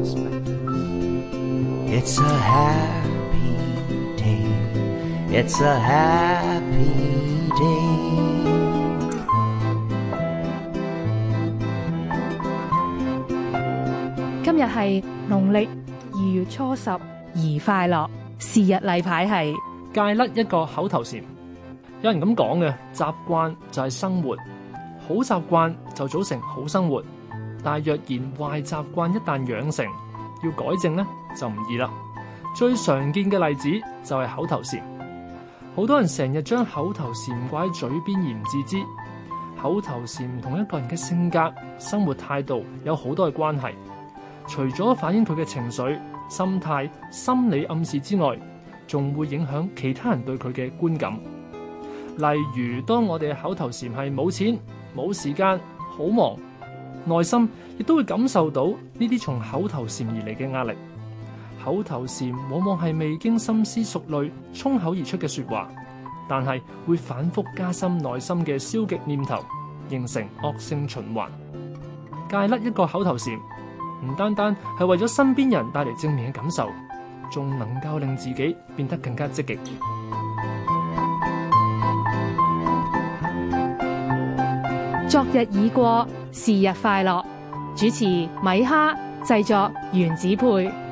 今日係農曆二月初十，宜快樂。是日例牌係戒甩一個口頭禪，有人咁講嘅習慣就係生活，好習慣就組成好生活。但若然壞習慣一旦養成，要改正咧就唔易啦。最常見嘅例子就係口頭禪，好多人成日將口頭禪掛喺嘴邊而唔自知。口頭禪同一個人嘅性格、生活態度有好多嘅關係。除咗反映佢嘅情緒、心態、心理暗示之外，仲會影響其他人對佢嘅觀感。例如，當我哋嘅口頭禪係冇錢、冇時間、好忙。內心亦都會感受到呢啲從口頭禪而嚟嘅壓力。口頭禪往往係未經深思熟慮、衝口而出嘅說話，但係會反復加深內心嘅消極念頭，形成惡性循環。戒甩一個口頭禪，唔單單係為咗身邊人帶嚟正面嘅感受，仲能夠令自己變得更加積極。昨日已過。是日快樂，主持米哈，製作原子配。